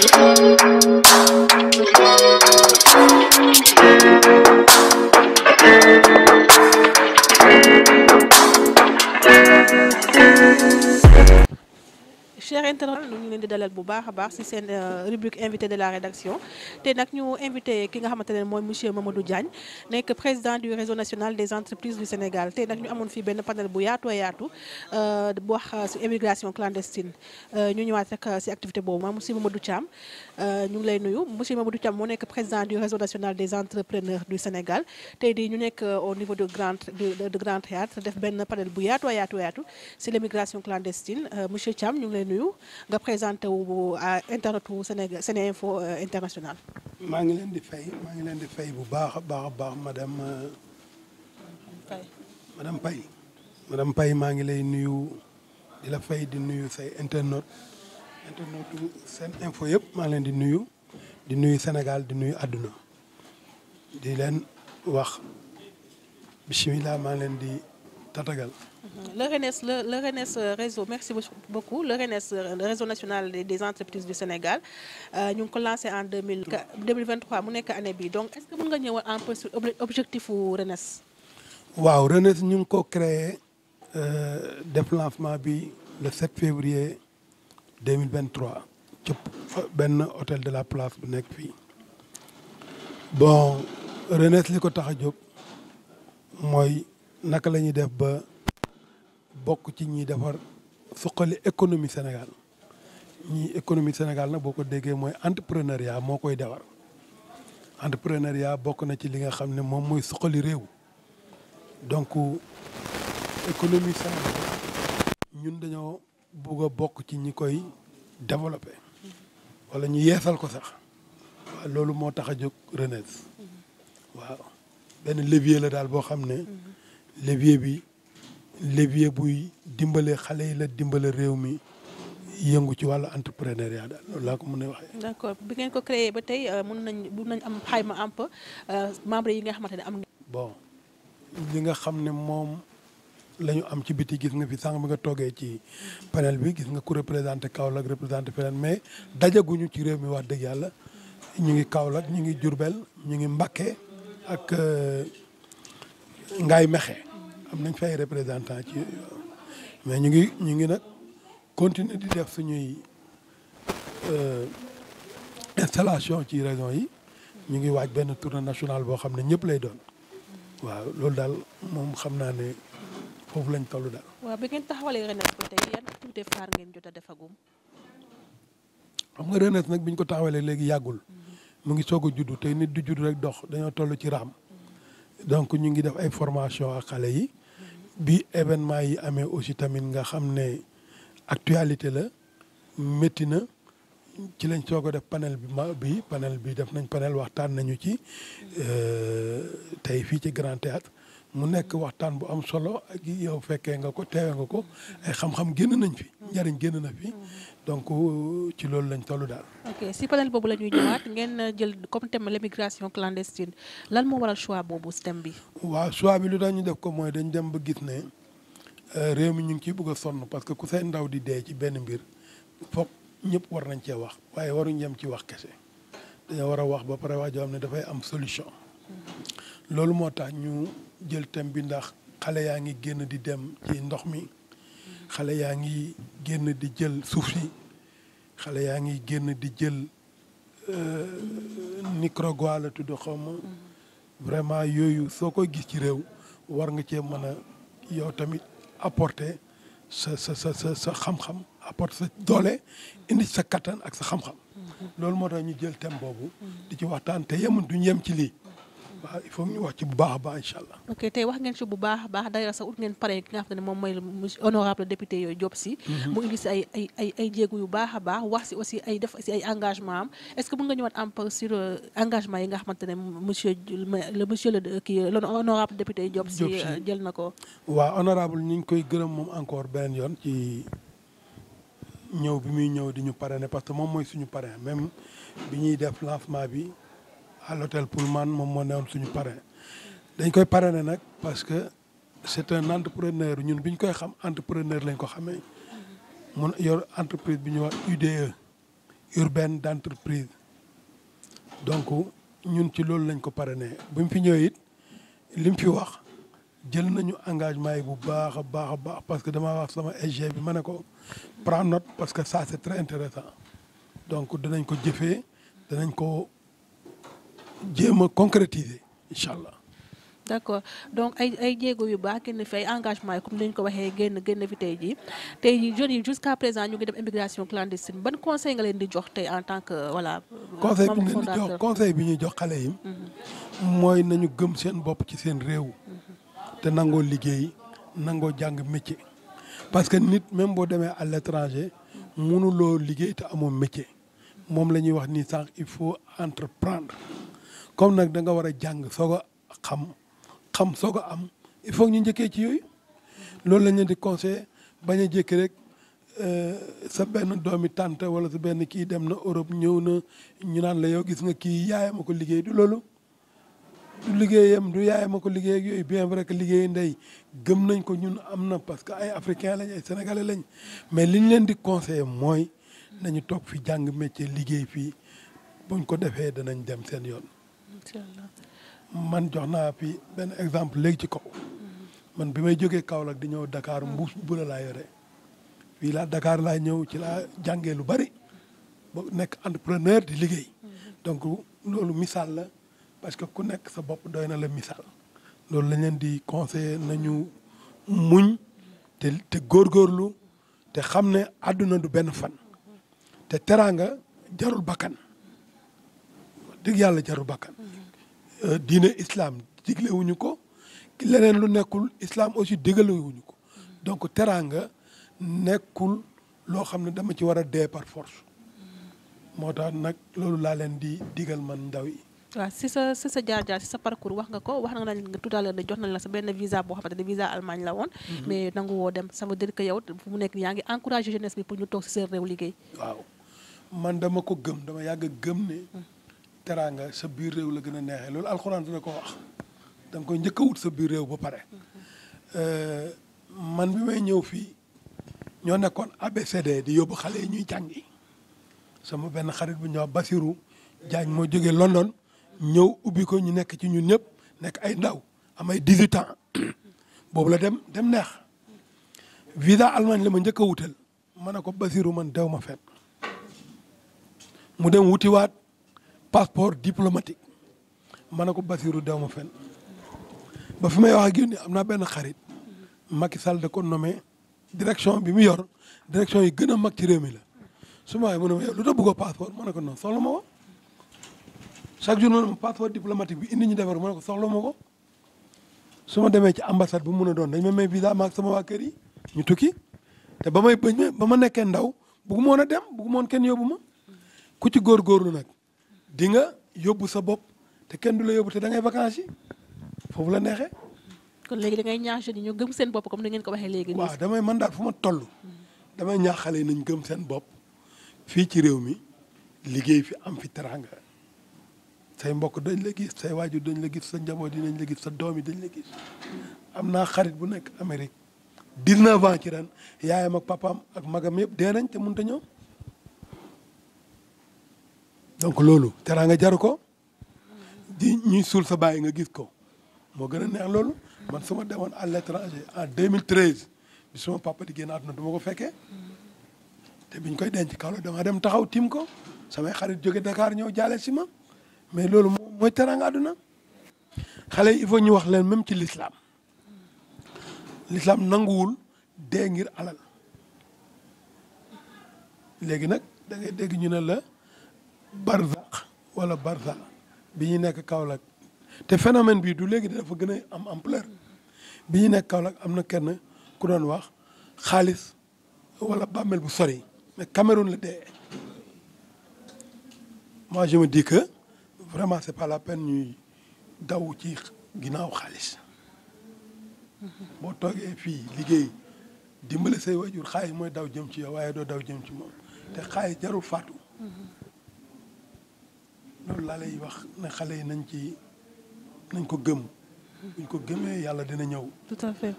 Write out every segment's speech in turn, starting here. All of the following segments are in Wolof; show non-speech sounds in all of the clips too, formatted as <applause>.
Thank you. internet ñu ngi leen di dalal bu baax a baax ci seen euh, rubrique invité de la rédaction te nag ñu invité ki nga xamante ne mooy monsieur Mamadou Diagne nekk président du réseau national des entreprises du Sénégal te ñu amoon fii benn panel bu yaatu a yaatu euh, bu wax euh, ci ñu ñëwaat rek ci activité boobu ma monsieur Mamadou Thiam ñu ngi lay nuyu monsieur Mamadou Thiam moo nekk président du réseau national des entrepreneurs du Sénégal te di ñu nekk au niveau de grand de grand def benn panel bu yaatu a yaatu a yaatu ci l'immigration clandestine monsieur Thiam ñu ngi lay nuyu nga présenté wu à internet wu Sénégal euh, maa ngi leen di fay maa ngi leen di fay bu baax a baax a baax madame. Euh, Faye madame Paye. madame Paye maa ngi lay nuyu di la fay di nuyu say internet internet wu Séné Info yëpp maa ngi leen di nuyu. di nuyu senegal di nuyu àdduna di leen wax bisimilah maa ngi leen di tatagal le RNES le le RNES réseau merci beaucoup le RNES le réseau national des entreprises du Sénégal euh, ñu ngi ko lancé en deux mille deux mille vingt trois mu nekk année bi donc est ce que mën nga ñëwal un peu sur objectif wu RNES. waaw RNES ñu ngi ko créé euh, def lancement bi le 7 février deux mille vingt trois benn hôtel de la place bu nekk fii bon RNES li ko tax a jóg mooy naka la ñuy def ba. bokk ci ñi defar suqali économie Sénégal ñi économie Sénégal na boo ko déggee mooy entrepreneuriat moo koy defar entrepreneuriat bokk na ci li nga xam ne moom mooy suqali réew donc économie Sénégal ñun dañoo bugg a bokk ci ñi koy développé wala ñu yeesal ko sax waaw loolu moo tax a jóg Renez mm-hmm. waaw benn levier la daal boo xam ne mm-hmm. levier bi levier buy dimbale xale yi la dimbale réew mi yëngu ci wàllu entrepreneuriat daal loolu laa ko mën a waxee. d'accord bi ngeen ko créé ba tey euh, mën nañ mën nañ am xayma am pa euh, membre yi nga xamante ne am. bon li nga xam ne moom lañu am ci biti gis nga fi sànq bi nga toogee ci panel bi gis nga ku représenté Kaolack représenté feneen mais dajaguñu ci réew mi wax dëgg yàlla ñu ngi Kaolack ñu ngi Diourbel ñu ngi Mbacké ak euh, Ngaye mexe am nañ fay représentant ci mais ñu ngi ñu ngi nag continuer di def suñuy euh, installation ci région yi ñu ngi waaj benn tournée nationale boo xam ne ñëpp lay doon waaw loolu daal moom xam naa ne foofu lañ toll daal. waaw bi ngeen taxawalee RNES ba tey yan tuuti faar ngeen jot a defagum. xam nga RNES nag bi ñu ko taxawalee léegi yàggul mu ngi soog a juddu tey nit du juddu rek dox dañoo toll ci raam mm-hmm. donc ñu ngi def ay formation ak xale yi bi événement yi amee aussi tamit nga xam ne actualité la métti na ci lañ soog a def panel bi ma bi panel bi def nañ panel waxtaan nañu ci euh, tey fii ci Grand Théâtre mu nekk waxtaan bu am solo ak yow fekkee nga ko teewe nga ko ay xam-xam génn nañ fi njëriñ génn na fi donc euh, ci loolu lañ tollu daal. si panel boobu la ñuy ñëwaat ngeen jël comme thème l'immigration clandestine lan moo waral choix boobu thème bi. waaw choix bi lu tax ñu def ko mooy dañ dem ba gis ne euh, réew mi ñu ngi ciy bëgg a sonn parce que ku say ndaw di dee ci benn mbir foog ñëpp war nañ cee wax waaye waruñ yem ci wax kese dañoo war a wax ba pare wax joo xam ne dafay am solution. Mhm. loolu moo tax ñu jël thème bi ndax xale yaa ngi génn di dem ci ndox mi. xale yaa ngi génn di jël suuf si xale yaa ngi génn di jël Nicaragua euh, la tudd xaw ma vraiment yooyu soo koy gis ci réew war nga cee mën a yow tamit apporter sa sa sa sa sa xam-xam apporter sa doole indi sa kattan ak sa xam-xam mm-hmm. loolu moo tax ñu jël thème boobu di ci waxtaan te yemun duñ yem ci lii waaw il faut ñu wax ci bu baax a baax incha allah. ok tey wax ngeen ci bu baax a baax d'ailleurs sax ut ngeen pare ki nga xam ne moom mooy honorable député yooyu Diop mhm. mu indi ay ay ay yu baax a baax wax si aussi ay def si ay engagement am est-ce que mën nga ñëwaat am sur euh, engagement yi nga xamante ne monsieur le monsieur le kii honorable député Diop Sy euh, jël na ko. waaw honorable ñu ngi koy gërëm moom encore beneen yoon ci. ñëw bi muy ñëw di ñu parrainer parce que moom mooy suñu parrain même bi ñuy def lancement bi à l'hôtel Pullman moom moo newoon suñu parrain dañ koy parrainer nag parce que c'est un entrepreneur ñun bi ñu koy xam entrepreneur lañ ko xamee mun yor entreprise bi ñuy wax UDE urbaine d'entreprise donc ñun ci loolu lañ ko parrainer bu mu fi ñëwee it li mu fi wax jël nañu engagement yi bu baax a baax a baax parce que damaa wax sama SG bi ma ne ko prends note parce que ça c'est très intéressant donc danañ ko jëfee danañ ko jéem a concrétiser incha allah. d' accord donc ay ay jéego yu baax génn fi ay engagement yi comme ni ko waxee génn génn fi tey jii tey jii jeunes yi jusqu' à présent ñu ngi dem immigration clandestine ban conseil nga leen di jox tey en tant que voilà. Euh, conseil bi ñu leen bi ñuy jox xale yi. Mm-hmm. mooy nañu gëm seen bopp ci seen réew. Mm-hmm. te nangoo liggéey nangoo jàng métier. parce que nit même boo demee à l' étranger mm-hmm. mënuloo liggéey te amoon métier moom la ñuy wax ni sànq il faut entreprendre. comme nag da nga war a jàng soog a xam xam soog a am il faut ñu njëkkee ci yooyu loolu lañ leen di conseillé bañ a jékki rek euh, sa benn doomi tante wala sa benn kii dem na Europe ñëw na ñu naan la yow gis nga kii yaayam a ko liggéey du loolu du liggéeyam du yaayam a ko liggéey yooyu bien vrai que liggéey ndey gëm nañ ko ñun am na parce que ay africain lañ ay sénégalais lañ mais liñ leen di conseillé mooy na ñu toog fi jàng métier liggéey fii buñ ko defee danañ dem seen yoon man jox naa fi benn exemple léegi ci kaw. man bi may jógee Kaolack di ñëw Dakar hmm. mbuus bu la laa yore fii laa Dakar laa ñëw ci laa jàngee lu bari ba nekk entrepreneur di liggéey. Hmm. donc loolu misaal la parce que ku nekk sa bopp doy na la misaal. loolu lañ leen di conseiller nañu muñ te te góorgóorlu te xam ne àdduna du benn fan te teraanga jarul bakkan dégg yàlla jarul bakkan. Hmm. Euh, diine islam diglewuñu ko leneen lu nekkul islam aussi digalewuñu ko donc teraanga nekkul loo xam ne dama ci war a dee par force moo tax nag loolu laa leen di digal man ndaw yi. waaw si sa si sa jaar jaar si sa parcours wax nga ko wax nga nga tout à l'heure jox nañ la sa benn visa boo xamante ne visa Allemagne la woon. Mhm. mais nangu woo dem ça veut que yow fu mu nekk yaa ngi encouragé jeunesse bi pour ñu toog si seen réew liggéey. waaw man dama ko gëm dama yàgg gëm teraanga sa biir réew la gën a neexee loolu alxuraan dina ko wax da koy njëkk wut sa biir réew ba pare euh, man bi may ñëw fii ñoo nekkoon ABCD di yóbbu xale yi ñuy jàngi sama benn xarit bu ñoo Basirou jàng moo jógee London ñëw ubbi ko ñu nekk ci ñun ñëpp nekk ay ndaw am ay 18 <clears throat> boobu la dem dem neex visa Allemagne la ma njëkk a wutal ma ne ko basiiru man dew ma fet mu dem wutiwaat passeport diplomatique ma ne ko Basirou dew ma fenn ba fi may wax ak yéen am naa benn xarit Macky Sall da ko nommé direction bi mu yor direction yi gën a mag ci réew mi la su ma mu ne ma yow lu tax bëggoo passeport ma ne ko non soxla ma ko chaque jour ma ne ma passeport diplomatique bi indi ñu defar ma ne ko soxla ma ko su ma demee ci ambassade bu mën a doon dañ ma may visa ak sama waa kër ñu tukki te ba may bañ ba ma nekkee ndaw bëggu ma a dem bëggu moon woon kenn yóbbu ma ku ci góorgóorlu nag. di nga yóbbu sa bopp te kenn du la yóbbu te da ngay vacances foofu la neexe kon léegi da ngay ñaax jeunes yi ñu gëm seen bopp comme ni ngeen ko waxee léegi. waaw damay man daal fu ma damay ñaax xale yi nañ gëm seen bopp fii ci réew mi liggéey fi am fi teranga say mbokk dañ la gis say waajur dañ la gis sa njaboot yi dañ la gis sa doom yi dañ la am naa xarit bu nekk Amérique 19 ans ci ren yaayam ak papaam ak magam yëpp dee nañ te mun a ñëw. donc loolu teraanga jaru ko di ñuy suul sa bàyyi nga gis ko moo gën a neex loolu man su ma demoon à l'étranger en 2013 bi suma papa di génn àdduna du ma ko fekkee te biñ koy denc kaw la dem taxaw tiim ko samay xarit jóge Dakar ñëw jaale si ma mais loolu moo teraanga àdduna xale yi il faut ñu wax leen même ci l'islam l'islam nanguwul dee ngir alal léegi nag da ngay dégg ñu ne la barzaq wala barza bi ñu nekk Kaolack te phénomène bii du léegi dafa gën a am ampleur bi ñu nekk Kaolack am na kenn ku doon wax xaalis wala bàmmeel bu sori mais Cameroun la dee moi je me dis que vraiment c'est pas la peine ñuy daw ci ginnaaw xaalis boo toogee fii liggéey dimbale say wajur xaalis mooy daw jëm ci yow waaye doo daw jëm ci moom te xaalis jarul faatu loolu laa lay wax ne xale yi nañ ci nañ ko gëm. buñ ko gëmee yàlla dina ñëw. tout à fait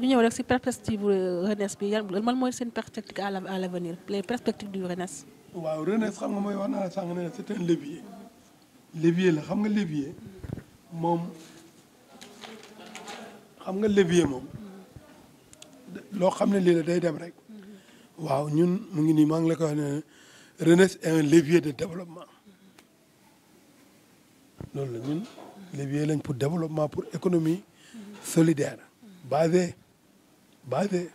ñu ñëw rek si perspective euh, RNES bi yan man mooy seen perspective à l' à l' avenir les perspectives du RNES. waaw RNES xam nga mooy wax naa la sànq ne c' est un levier. la xam nga levier moom xam nga levier moom loo xam ne lii la day dem rek. Mm-hmm. waaw ñun mu ngi nii moo ngi la ko wax ne RNES est un levier de développement. loolu la ñun levier lañ pour développement pour économie solidaire basé basé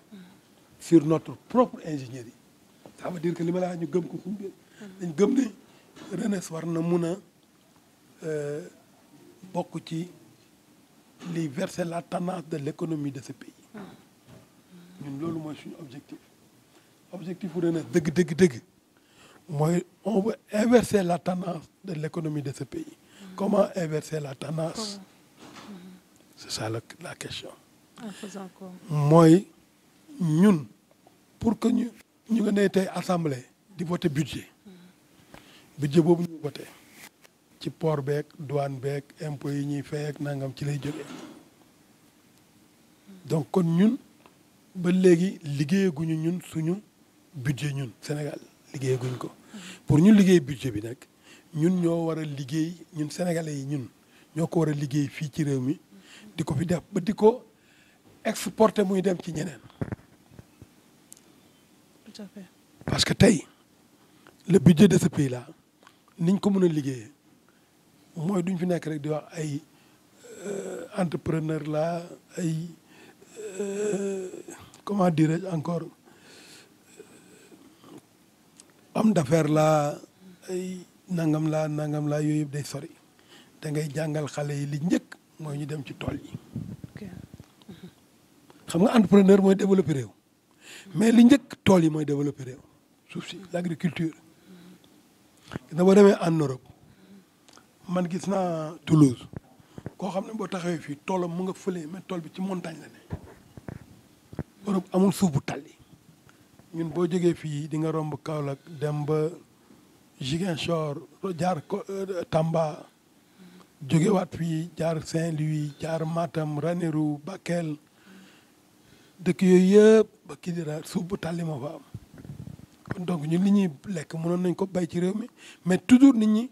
sur notre propre ingénierie ça veut dire que li ma laa ñu gëm ko suñu biir dañ gëm ne RENES war na mun a euh, bokk ci li verser la tendance de l'économie de ce pays ñun loolu mooy suñu objectif objectif RENES dëgg dëgg dëgg mooy on veut inverser la tendance de l'économie de ce pays Comment inverser la tendance C'est la, la question. mooy ñun pour que ñu ñu nga ne tey assemblée di voté budget hmm. budget boobu ñu voté ci port beeg douane beeg impôts yi ñuy fay ak nangam ci lay jógee hmm. donc kon ñun ba léegi liggéeyaguñu ñun suñu budget ñun Sénégal liggéeyaguñ ko hmm. pour ñu liggéey budget bi nekk ñun ñoo war a liggéey ñun sénégalais yi ñun ñoo ko war a liggéey fii ci réew mi di ko fi def ba di ko exporter muy dem ci ñeneen. tout parce que tey le budget de ce pays là niñ ko mën a liggéeyee mooy duñ fi nekk rek di wax ay euh, entrepreneur laa ay euh, comment dirais encore euh, homme d'affaires laa ay. nangam laa nangam laa yooyu yëpp day sori da ngay jàngal xale yi li njëkk mooy ñu dem ci tool yi. Mhm. xam nga entrepreneur mooy développer réew. mais li njëkk tool yi mooy développer réew suuf si l' agriculture. Mhm. da boo demee en Europe man gis naa Toulouse. koo xam ne boo taxewee fii toolam mu nga fële mais tool bi ci montagne la ne. Europe amul suuf bu tàlli ñun boo jógee fii di nga romb Kaolack dem ba. Ziguinchor jaar euh, Tamba jógewaat fii jaar Saint-Louis jaar Matam Ranérou Bakel dëkk yooyu yëpp ba Kidira suuf bu tàlli ma fa am donc ñun li ñuy lekk mënoon nañ ko bay ci réew mi mais toujours nit ñi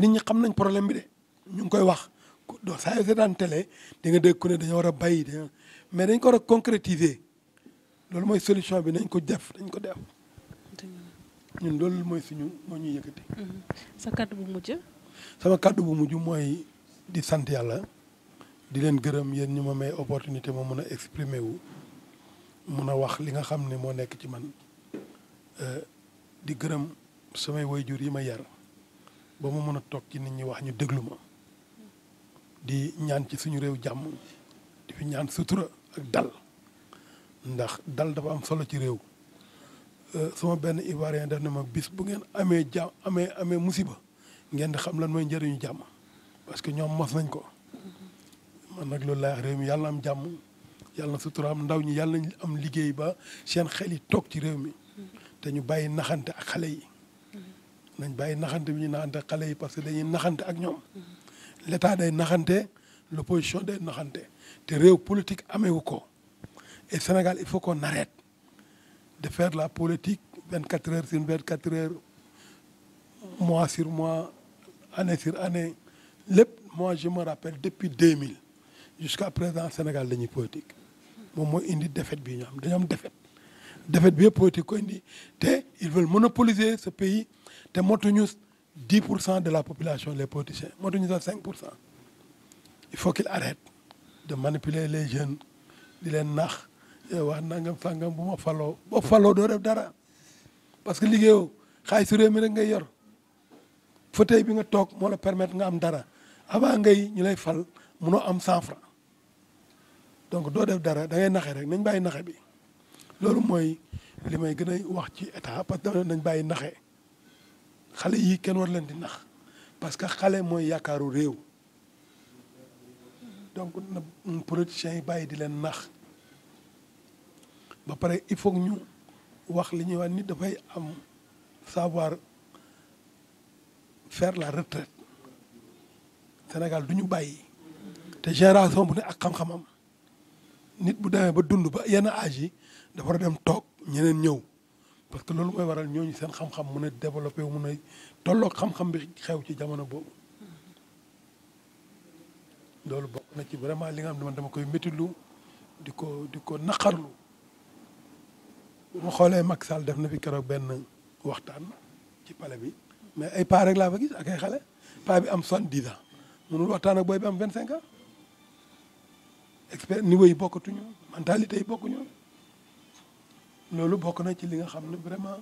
nit ñi xam nañ problème bi de ñu ngi koy wax do saa yoo seetaan télé di nga dégg ku ne dañoo war a bay mais dañ ko war a concrétiser loolu mooy solution bi nañ ko def dañ ko def ñun loolu mooy suñu moo ñuy yëkkati. Mm-hmm. sa kàddu bu mujj. sama kàddu bu mujj mooy di sant yàlla di leen gërëm yéen ñu ma may opportunité moo mën a exprimer wu mën a wax li nga xam ne moo nekk ci man euh, di gërëm samay jur yi ma yar ba ma mën a toog ci nit ñi wax ñu déglu ma di ñaan ci suñu réew jàmm di fi ñaan sutura ak dal ndax dal dafa am solo ci réew. Euh, sama benn Ivoirien def na ma bis bu ngeen amee jàmm amee amee musiba ngeen di xam lan mooy njëriñu jàmm parce que ñoom mos nañ ko man nag loolu laay réew mi yàlla am jàmm yàlla na suturaam ndaw ñi yàlla nañ am liggéey ba seen xel yi toog ci réew mi te ñu bàyyi naxante ak xale yi nañ bàyyi naxante bi ñu naxante ak xale yi parce que dañuy naxante ak ñoom l'état day naxante l'opposition day naxante te réew politique amee wu ko et Sénégal il faut qu'on arrête de faire la politique 24 heures sur 24 heures mois sir mois année sur année lépp mois je me rappelle depuis 2000 jusqu'à présent Sénégal dañuy politique moom mooy indi défaite bi ñu am dañu am défaite bi yëpp politique ko indi te ils veulent monopoliser ce pays te motuñu 10 pour cent de la population les politiciens motuñu sax 5 pour cent il faut qu'ils arrêtent de manipuler les jeunes di leen nax Eh, wax nangam sàngam bu moo faloo boo faloo doo def dara parce que liggéeyoo xaalisu réew mi rek ngay yor fauteuil bi nga toog moo la permettre nga am dara avant ngay ñu lay fal munoo am cent franc donc doo def dara da ngay naxe rek nañ bàyyi naxe bi loolu mooy li may gën a wax ci état parce que nañ bàyyi naxe xale yi kenn war leen di nax parce que xale mooy yaakaaru réew donc na politiciens yi bàyyi di leen nax ba pare il faut ñu wax li ñuy wax nit dafay am savoir faire la retraite Sénégal du ñu bàyyi te génération bu ne ak xam-xamam nit bu demee ba dund ba yenn âge yi dafa war dem toog ñeneen ñëw parce que loolu mooy waral ñooñu seen xam-xam mun a développé mun a tolloog xam-xam bi xew ci jamono boobu loolu bokk na ci vraiment li nga xam ne man dama koy méttilu di ko di ko naqarlu mu xoolee mag Sall def na fi keroog benn waxtaan ci palais bi mais ay paa rek laa fa gis ak ay xale paa bi am soixante-dix ans waxtaan ak booy bi am vingt-cinq ans expert niveau yi bokkatuñu mentalité yi bokkuñu loolu bokk na ci li nga xam ne vraiment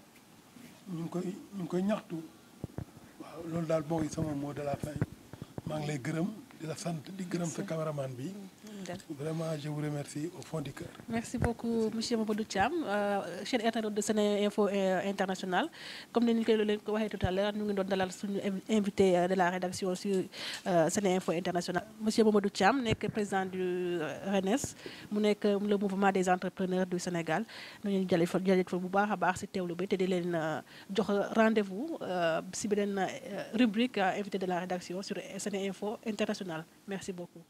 ñu ngi koy ñu ngi koy ñaxtu waaw loolu daal yi sama mot de la fin maa ngi lay gërëm di la sant di gërëm sa cameraman bi vraiment je vous remercie au fond du cœur. merci Mamadou Thiam euh, chef internaute de Sene Info euh, International comme ni ñu koy leen ko waxee tout à ngi doon dalal suñu invité euh, de la rédaction sur Sene Info International monsieur Mamadou Thiam nekk président du RENES mu nekk le mouvement des entrepreneurs du Sénégal ñu ngi jëlee fa jëlee fa bu baax a baax si teewlu bi te di leen jox rendez-vous si beneen rubrique invité de la rédaction sur Sene Info International. Merci beaucoup.